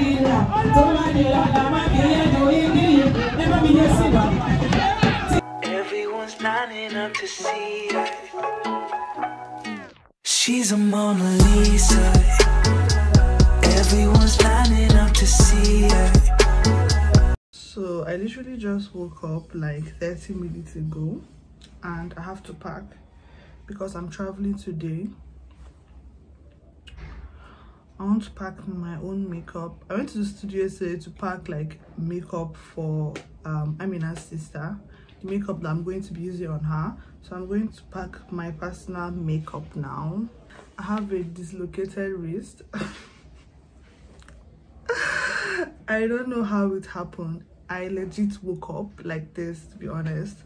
dira tọ́lá dira làmá kìíyà jò ìdílé ẹ bá Everyone's lining up to see her. She's a Mona Lisa. Everyone's lining up to see her. So I literally just woke up like 30 minutes ago and I have to pack because I'm traveling today I want to pack my own makeup. I went to the studio yesterday to pack like makeup for um, Amina's sister. The makeup that I'm going to be using on her. So I'm going to pack my personal makeup now. I have a dislocated wrist. I don't know how it happened. I legit woke up like this to be honest.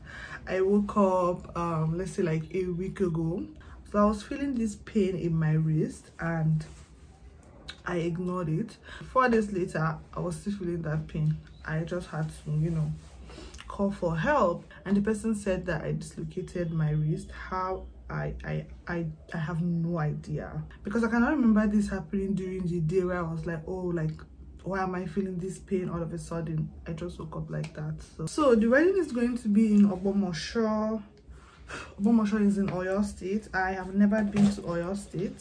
I woke up um, let's say like a week ago. So I was feeling this pain in my wrist and i ignored it four days later i was still feeling that pain i just had to you know call for help and the person said that i dislocated my wrist how I, I I I have no idea because I cannot remember this happening during the day where I was like oh like why am I feeling this pain all of a sudden I just woke up like that so, so the wedding is going to be in Obomosho Obomosho is in Oyo State I have never been to Oyo State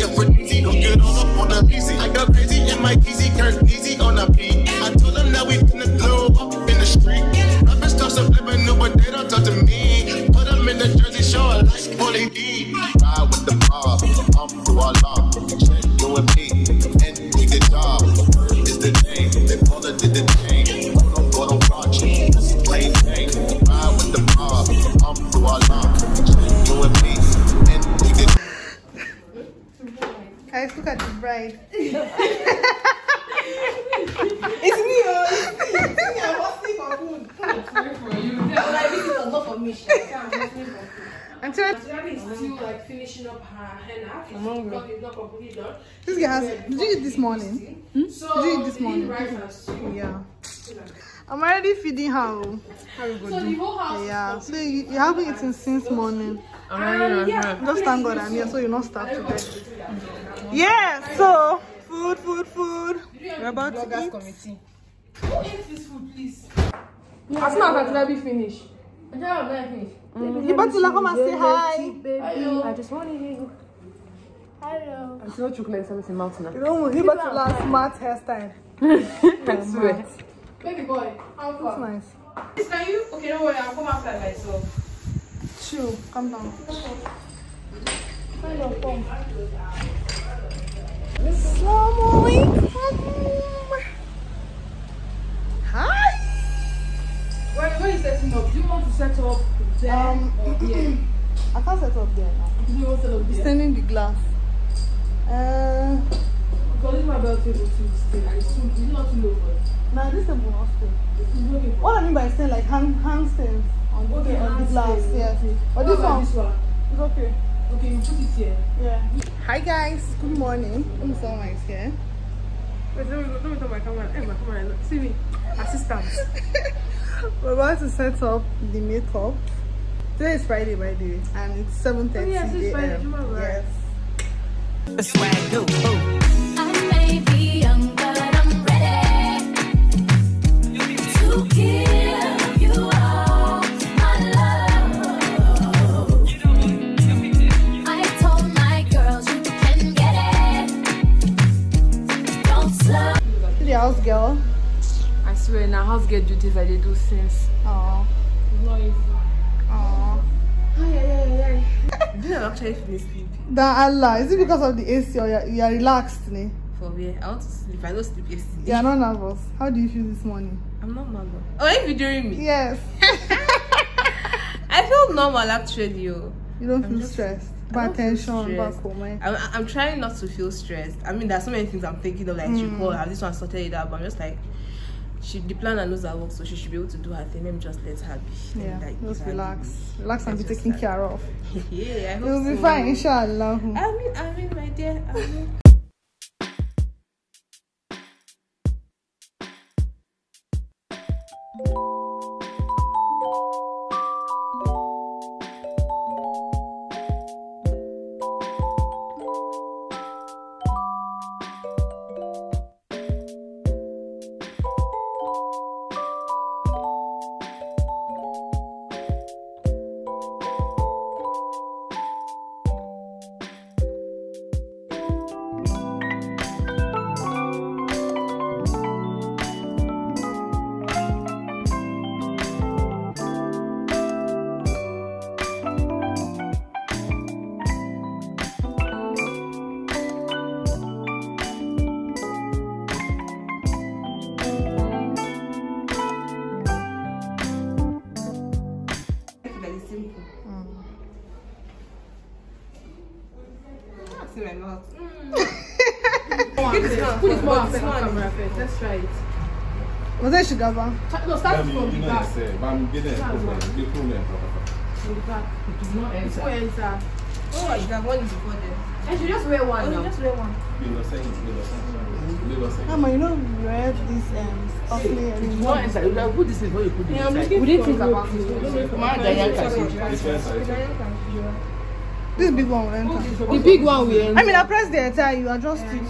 guys, look at the bride. it's me, oh. It's me, I'm hustling for food. It's for you. I'm like, this is not for me. I'm hustling for food. is still like finishing up her henna. It's not, completely done. This girl has. Did you eat this morning? Hmm? So did you eat this morning? Rice and Yeah. I'm already feeding her. Oh. How you so the whole Yeah. So you, you haven't eaten since morning. I'm Um, yeah, Just thank God I'm here, so you're not starved today. Yeah, so food, food, food. We're about to eat. Committee. Who eats this food, please? Yeah, as soon as Atila be finished. Atila will not finish. Mm. You better come and say hi. Hello. I just want to hear you. Hello. I'm still chocolate service in mountain. You not. he to last smart hairstyle. That's swear. Baby boy, how far? That's nice. Is that you? Okay, don't worry, I'll come after myself. Chill, calm down. Hello, come. Slowly. Hi. Wait, where is setting up? Do you want to set up there or I can't set up there now. Do you want to set up there? Standing the glass. Uh, because this my table not this table not What I mean by stand like hang hang stands on, okay, on the glass. Yes. it's okay. Okay, you put it here. Yeah. Hi guys, good morning. Let me turn my hair. Wait, let me, let me turn my camera. Hey, my camera. See me. Assistant. We're about to set up the makeup. Today is Friday, by the way, and it's 7.30 oh, yes, it's Friday. Yes. The swag, sleep. That Allah. Is it because of the AC or you're, you're relaxed? Ne? For where? I want to sleep. I don't sleep yesterday. You're not nervous. How do you feel this morning? I'm not nervous. Oh, are you videoing me? Yes. I feel normal actually. Yo. Oh. You don't I'm feel stressed? But attention back home. Eh? I'm, I'm trying not to feel stressed. I mean, there's so many things I'm thinking of, like, mm. call have this one sorted it out, but I'm just like, she the planner knows her work, so she should be able to do her thing. Let me just let her be. Yeah, like, just relax, be, relax, and be taken care of. yeah, I hope it'll so. be fine, inshallah. I mean, I mean, my dear, I mean, what's my mouth. Mm. Put it more on camera let Let's try it. Was that sugar bar? No, start from the back. But I'm getting it. From the back. It does not enter. It Oh, you one is before there. And you just wear one. Oh, now. just wear one. Mama, you know we wear this um offlay and you want inside. You put this in before you put it inside. Yeah, I'm looking for the back. Mama, Daniel can. This big one will enter. The big one will enter. I mean, I press the entire, you adjust yeah, it.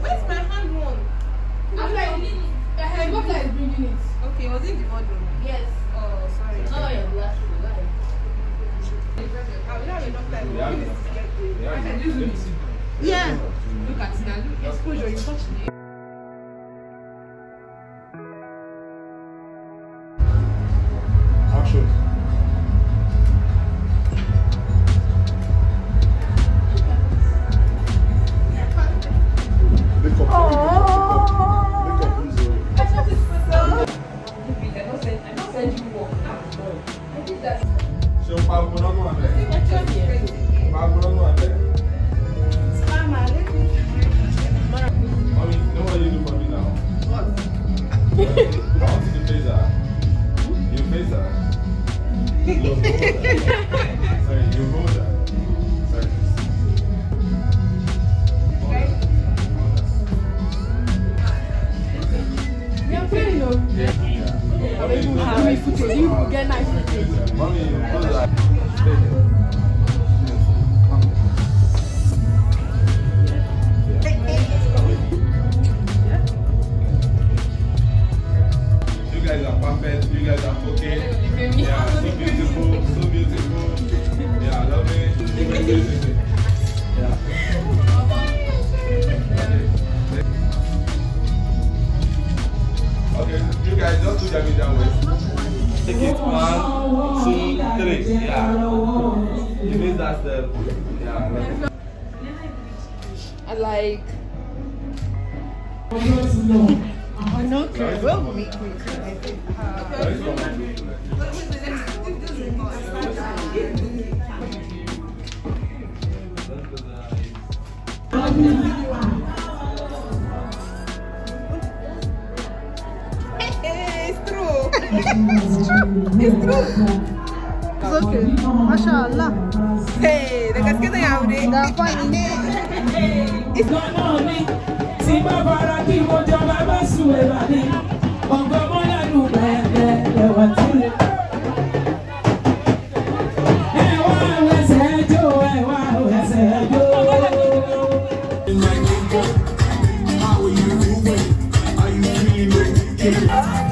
Where's my hand one? I'm like, I hand like bringing it. Okay, was it the model? Yes. Oh, sorry. It's oh, Yeah. Yeah. Look at it now. Exposure, you touch it. yeah. It means that's Yeah. I like. I know Korean. Well, we Korean. I think. it's true. it's true. It's true. okay. Mashallah. Hey, the casket they have it. The funny. It's not only. Tiba baraki mo jama masuwe bani. Bongo mo la nube le le watule. Thank you.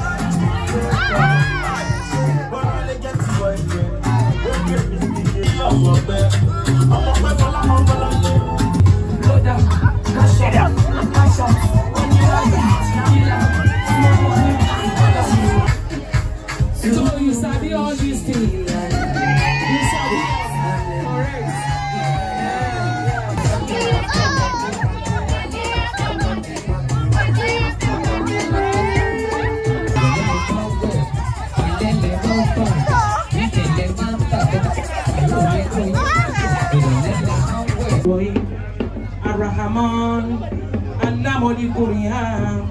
أول برهان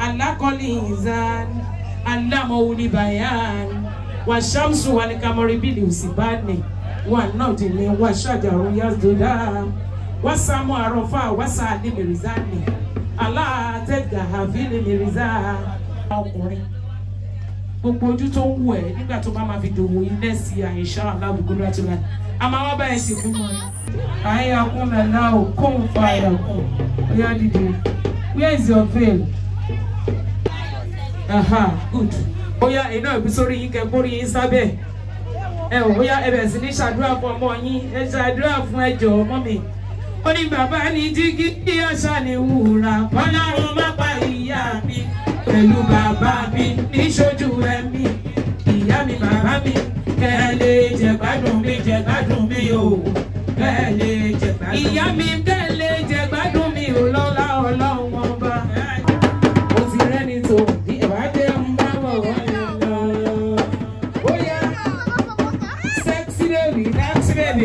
علق الإنسان علمه البيان والشمس والقمر بالحسبان والنجم والشجر يسجدان والسماء رفع وسعد بميزان Allah tẹ́gàá fílì mìrìzà ọkùnrin gbogbo ojú tó ń wù ẹ́ nígbà tó bá máa fi dòwò ilé sí àyíṣà alábùgbòrò àti ọ̀la a máa wá báyìí sí fún wọn. àyà kún nàlá ò kóun fa àyà kún ó dìde. Where is your veil? Aha, good. Oh Oya iná ìbísórí yín kẹ́ kórìí yín sábẹ́. Ẹ ò bóyá ẹ bẹ̀rẹ̀ sí ní ṣàdúrà fún ọmọ yín. Ẹ ṣàdúrà fún ẹ jọ̀ọ́ ọmọ mi. Ó ní bàbá ní jígí bí àṣà ní wúrà. Ọlọ́run má pa ìyá mi pẹ̀lú bàbá mi níṣojú ẹ̀mí. Ìyá mi bàbá mi kẹ́ ẹ lè jẹ̀gbádùn mi jẹ̀gbádùn mi o. Kẹ́ ẹ lè jẹ̀gbádùn mi. Ìyá mi kẹ́ ẹ lè jẹ̀gbádùn mi ò lọ́lá Ọlọ́run.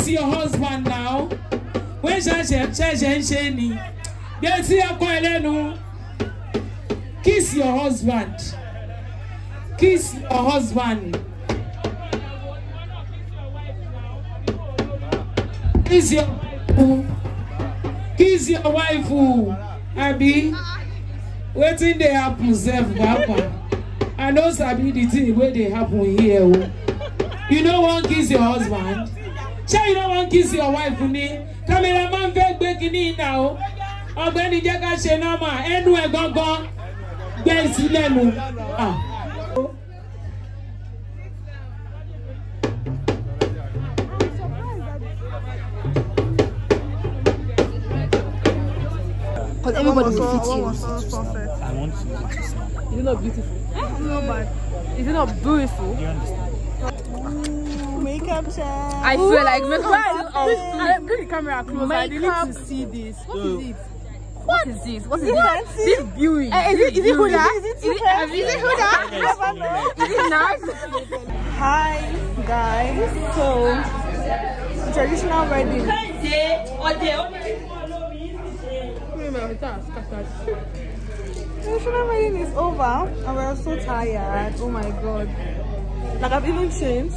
is your husband now wọ́n ṣẹ̀ṣẹ̀ ṣẹ̀ṣẹ̀ ń ṣe ni gbé sí ọkọ ẹ lẹ́nu kiss your husband kiss your husband kiss your kiss your wife abi wetin dey happen sef papa i no sabi the thing wey dey happen here oh. you no wan kiss your husband ṣé you no wan kiss your wife ni cameraman fẹ́ gbé kínní iná o ọ̀gbẹ́ni jẹ́ ká ṣe normal ẹnu ẹ̀ gangan gbé e sílẹ̀ nu. Because everybody will fit you. I want to use it to smile. Is it not beautiful? is it not beautiful? Do you understand? I feel Ooh, like make us put the camera close. Makeup. I need to see this. What is it? what is this? What is yeah, this? This viewing. Uh, is, it, is it Huda? Is it, is it, is it, is it Huda? I don't know. Is it nice? Hi guys. So traditional wedding. traditional wedding is over and we're so tired. Oh my god. Like I've even changed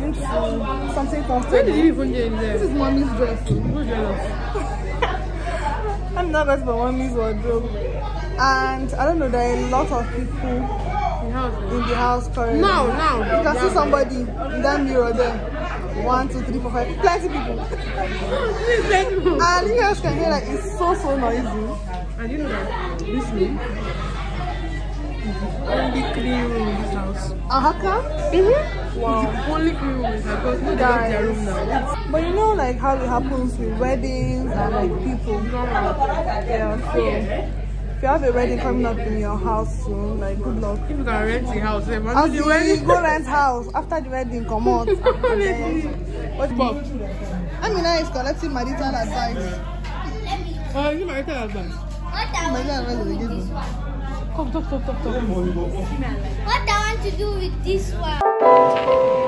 something comfortable. Where did you even get in there? This is mommy's dress. I'm nervous about mommy's wardrobe. And I don't know, there are a lot of people in the house currently. now, no. You can see somebody in that mirror there. One, two, three, four, five. Plenty people. and you guys can hear that it's so, so noisy. And you know that this room only clean room in this house. Ahaka? Uh-huh, mm -hmm. Wow. It's only clean room because nobody has their room now. But you know like how it happens with weddings and like people. Yeah, so if you have a wedding coming up in your house soon, like good luck. If you can rent the house, eh, after the wedding, go rent house. After the wedding, come out. What's up? I mean, I is collecting marital advice. Oh, uh, is it marital advice? Marital advice is a Come, talk, talk, talk, talk. What I want to do with this one?